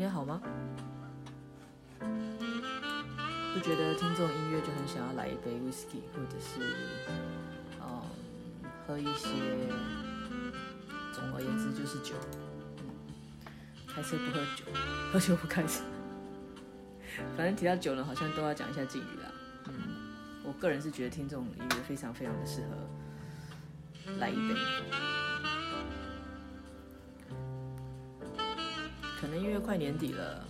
今天好嗎？不覺得聽這種音樂就很想要來一杯 whisky，或者是、嗯、喝一些，總而言之就是酒。嗯，開車不喝酒，喝酒不開車。反正提到酒呢，好像都要講一下敬語啦。嗯，我個人是覺得聽這種音樂非常非常的適合來一杯。快年底了，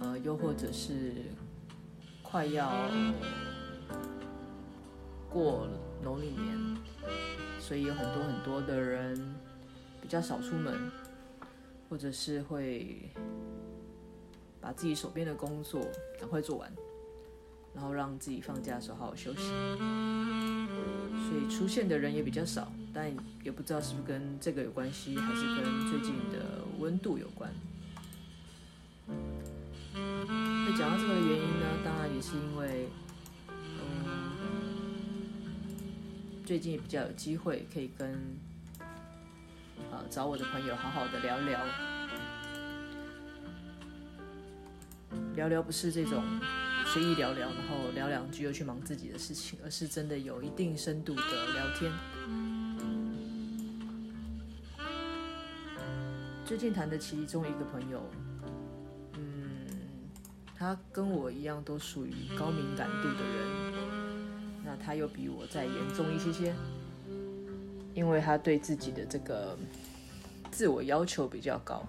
呃，又或者是快要過農曆年，所以有很多很多的人比較少出門，或者是會把自己手邊的工作趕快做完，然後讓自己放假的時候好好休息，所以出現的人也比較少。但也不知道是不是跟這個有關係，還是跟最近的溫度有關。那講到這個的原因呢，當然也是因為，嗯，最近也比較有機會可以跟啊找我的朋友好好的聊聊，聊聊不是這種隨意聊聊，然後聊兩句又去忙自己的事情，而是真的有一定深度的聊天。最近談的其中一個朋友，嗯，他跟我一樣都屬於高敏感度的人，那他又比我再嚴重一些些，因為他對自己的這個自我要求比較高，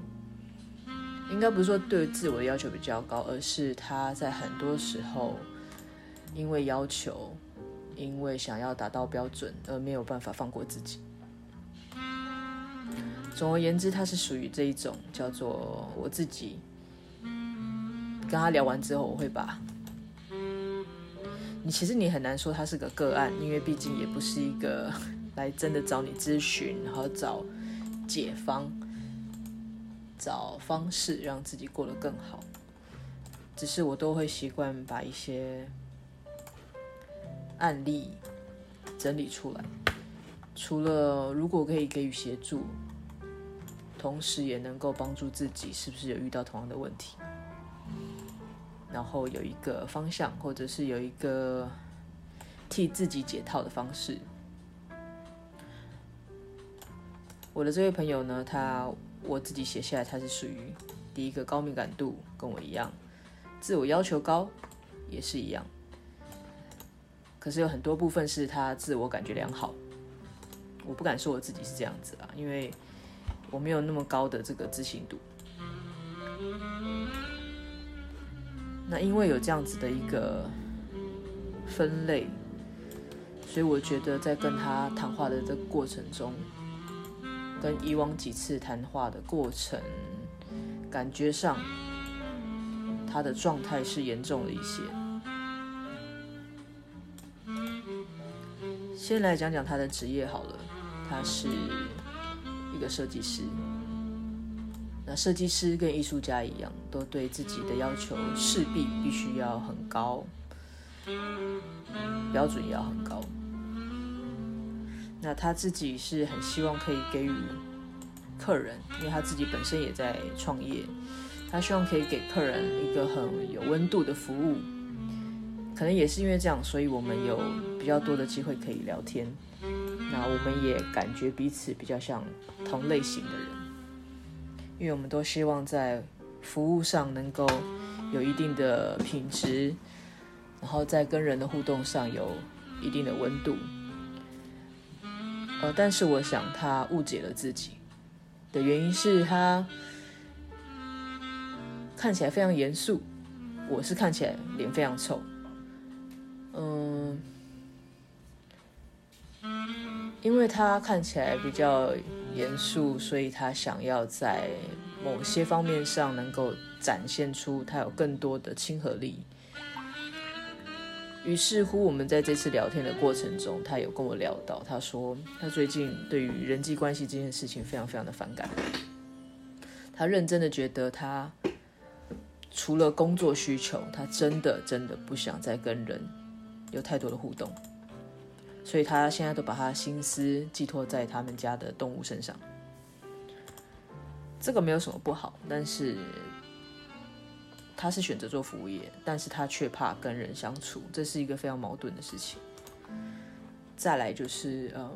應該不是說對自我的要求比較高，而是他在很多時候因為要求，因為想要達到標準，而沒有辦法放過自己。總而言之，它是屬於這一種叫做我自己跟他聊完之後，我會把你，其實你很難說他是個個案，因為畢竟也不是一個來真的找你諮詢，然後找解方、找方式讓自己過得更好。只是我都會習慣把一些案例整理出來，除了如果可以給予協助。同時也能夠幫助自己，是不是有遇到同樣的問題？然後有一個方向，或者是有一個替自己解套的方式。我的這位朋友呢，他我自己寫下來，他是屬於第一個高敏感度，跟我一樣，自我要求高，也是一樣。可是有很多部分是他自我感覺良好，我不敢說我自己是這樣子啊，因為。我沒有那麼高的這個自信度。那因為有這樣子的一個分類，所以我覺得在跟他談話的這個過程中，跟以往幾次談話的過程，感覺上他的狀態是嚴重了一些。先來講講他的職業好了，他是。一個設計師，那設計師跟藝術家一樣，都對自己的要求勢必必須要很高，標準也要很高。那他自己是很希望可以給予客人，因為他自己本身也在創業，他希望可以給客人一個很有溫度的服務。可能也是因為這樣，所以我們有比較多的機會可以聊天。那我們也感覺彼此比較像同類型的人，因為我們都希望在服務上能夠有一定的品質，然後在跟人的互動上有一定的溫度。呃，但是我想他誤解了自己的原因是他看起來非常嚴肅，我是看起來臉非常臭。嗯。因為他看起來比較嚴肅，所以他想要在某些方面上能夠展現出他有更多的親和力。於是乎，我們在這次聊天的過程中，他有跟我聊到，他說他最近對於人際關係這件事情非常非常的反感。他認真的覺得，他除了工作需求，他真的真的不想再跟人有太多的互動。所以他現在都把他的心思寄托在他們家的動物身上，這個沒有什麼不好。但是他是選擇做服務業，但是他卻怕跟人相處，這是一個非常矛盾的事情。再來就是，嗯，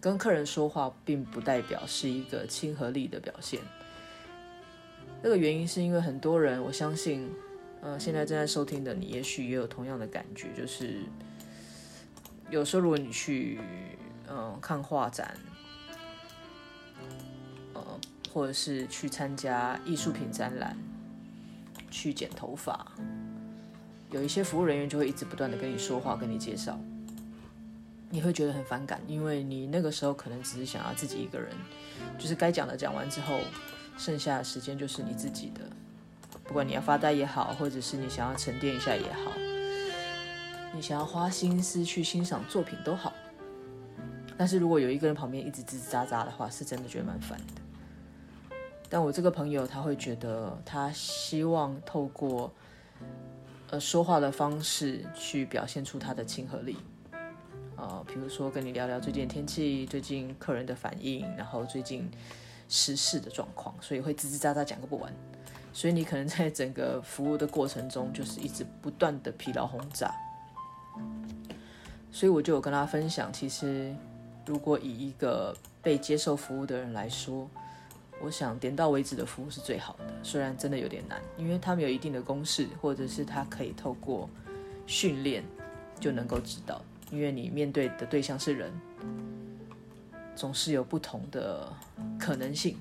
跟客人說話並不代表是一個親和力的表現。那個原因是因為很多人，我相信，呃、嗯，現在正在收聽的你，也許也有同樣的感覺，就是。有時候，如果你去，嗯、呃，看畫展，呃，或者是去參加藝術品展覽，去剪頭髮，有一些服務人員就會一直不斷的跟你說話，跟你介紹，你會覺得很反感，因為你那個時候可能只是想要自己一個人，就是該講的講完之後，剩下的時間就是你自己的，不管你要發呆也好，或者是你想要沉澱一下也好。你想要花心思去欣賞作品都好，但是如果有一個人旁邊一直吱吱喳喳的話，是真的覺得蠻煩的。但我這個朋友他會覺得，他希望透過呃說話的方式去表現出他的親和力，啊、呃，比如說跟你聊聊最近天氣、最近客人的反應，然後最近時事的狀況，所以會吱吱喳喳講個不完，所以你可能在整個服務的過程中就是一直不斷的疲勞轟炸。所以我就有跟他分享，其實如果以一個被接受服務的人來說，我想點到為止的服務是最好的。雖然真的有點難，因為他們有一定的公式，或者是他可以透過訓練就能夠知道，因為你面對的對象是人，總是有不同的可能性。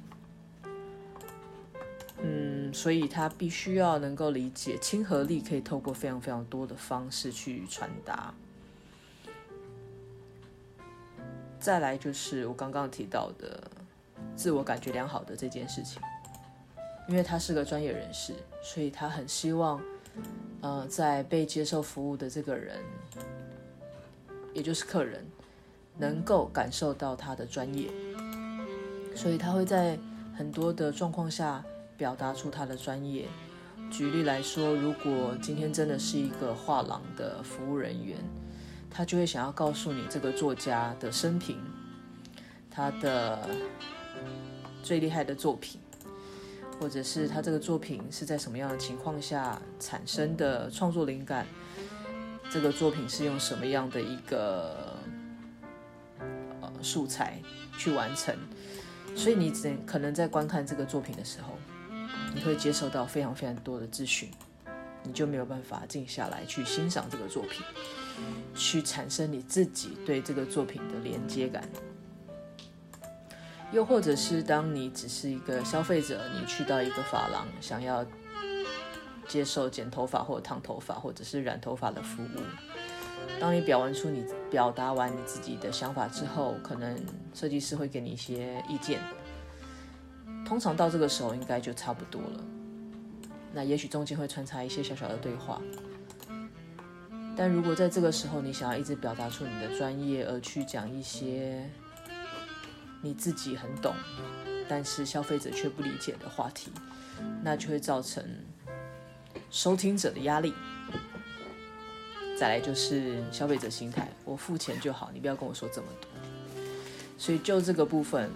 所以他必須要能夠理解親和力可以透過非常非常多的方式去傳達。再來就是我剛剛提到的自我感覺良好的這件事情，因為他是個專業人士，所以他很希望，呃，在被接受服務的這個人，也就是客人，能夠感受到他的專業。所以他會在很多的狀況下。表達出他的專業。舉例來說，如果今天真的是一個畫廊的服務人員，他就會想要告訴你這個作家的生平，他的最厲害的作品，或者是他這個作品是在什麼樣的情況下產生的創作靈感，這個作品是用什麼樣的一個素材去完成。所以你只可能在觀看這個作品的時候。你會接受到非常非常多的資訊，你就沒有辦法靜下來去欣賞這個作品，去產生你自己對這個作品的連接感。又或者是當你只是一個消費者，你去到一個髮廊，想要接受剪頭髮，或者燙頭髮，或者是染頭髮的服務，當你表完出你表達完你自己的想法之後，可能設計師會給你一些意見。通常到這個時候應該就差不多了，那也許中間會穿插一些小小的對話。但如果在這個時候你想要一直表達出你的專業而去講一些你自己很懂，但是消費者卻不理解的話題，那就會造成收聽者的壓力。再來就是消費者心態，我付錢就好，你不要跟我說這麼多。所以就這個部分，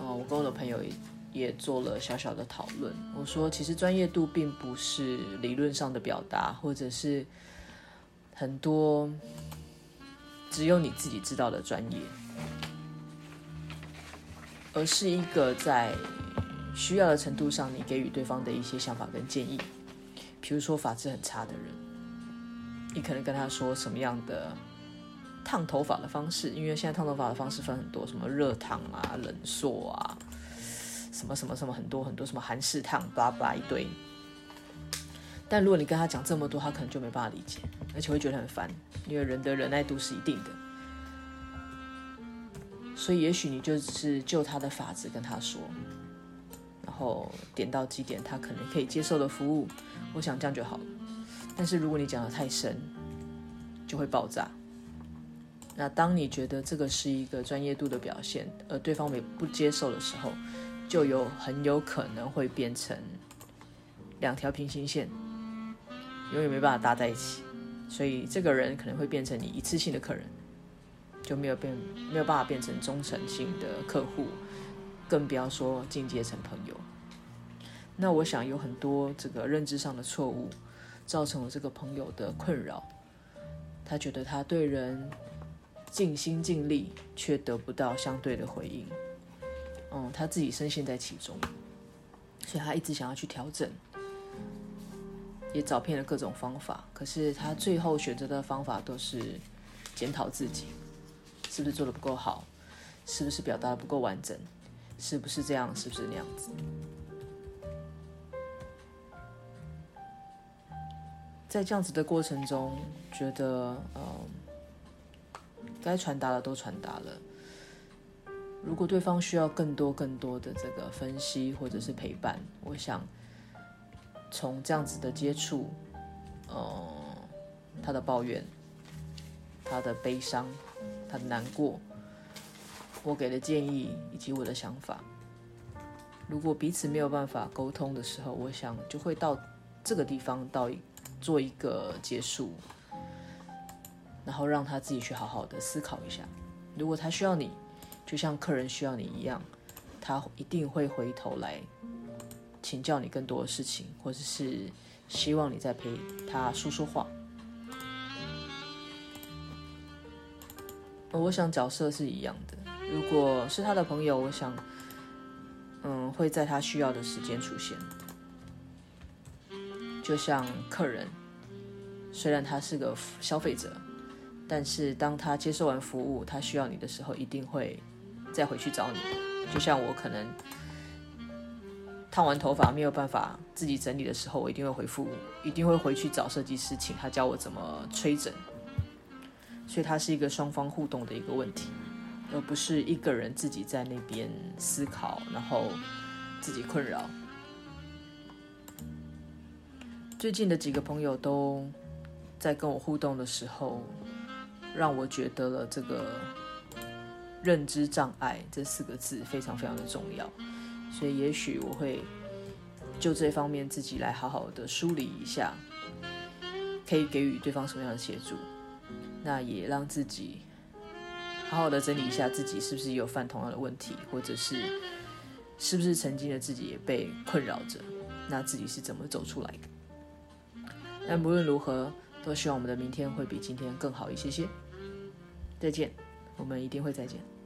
哦，我跟我的朋友也。也做了小小的討論。我說，其實專業度並不是理論上的表達，或者是很多只有你自己知道的專業，而是一個在需要的程度上，你給予對方的一些想法跟建議。譬如說，髮質很差的人，你可能跟他說什麼樣的燙頭髮的方式，因為現在燙頭髮的方式分很多，什麼熱燙啊、冷縮啊。什麼什麼什麼很多很多什麼韓式燙，blah blah 一堆。但如果你跟他講這麼多，他可能就沒辦法理解，而且會覺得很煩，因為人的忍耐度是一定的。所以也許你就是就他的法子跟他說，然後點到幾點他可能可以接受的服務，我想這樣就好。但是如果你講得太深，就會爆炸。那當你覺得這個是一個專業度的表現，而對方沒不接受的時候，就有很有可能會變成兩條平行線，永遠沒辦法搭在一起，所以這個人可能會變成你一次性的客人，就沒有變沒有辦法變成忠誠性的客戶，更不要說進階成朋友。那我想有很多這個認知上的錯誤，造成了這個朋友的困擾，他覺得他對人盡心盡力，卻得不到相對的回應。嗯，他自己深陷在其中，所以他一直想要去調整，也找遍了各種方法。可是他最後選擇的方法都是檢討自己，是不是做的不夠好，是不是表達的不夠完整，是不是這樣，是不是那樣子。在這樣子的過程中，覺得嗯，該傳達的都傳達了。如果對方需要更多、更多的這個分析或者是陪伴，我想從這樣子的接觸，呃，他的抱怨、他的悲傷、他的難過，我給的建議以及我的想法，如果彼此沒有辦法溝通的時候，我想就會到這個地方，到做一個結束，然後讓他自己去好好的思考一下。如果他需要你。就像客人需要你一樣，他一定會回頭來請教你更多的事情，或者是希望你再陪他說說話。哦，我想角色是一樣的。如果是他的朋友，我想，嗯，會在他需要的時間出現。就像客人，雖然他是個消費者。但是當他接受完服務，他需要你的時候，一定會再回去找你。就像我可能燙完頭髮沒有辦法自己整理的時候，我一定會回復，一定會回去找設計師，請他教我怎麼吹整。所以它是一個雙方互動的一個問題，而不是一個人自己在那邊思考，然後自己困擾。最近的幾個朋友都在跟我互動的時候。讓我覺得了這個認知障礙這四個字非常非常的重要，所以也許我會就這方面自己來好好的梳理一下，可以給予對方什麼樣的協助？那也讓自己好好的整理一下自己是不是也有犯同樣的問題，或者是是不是曾經的自己也被困擾着？那自己是怎麼走出來的？但無論如何，都希望我們的明天會比今天更好一些些。再見，我們一定會再見。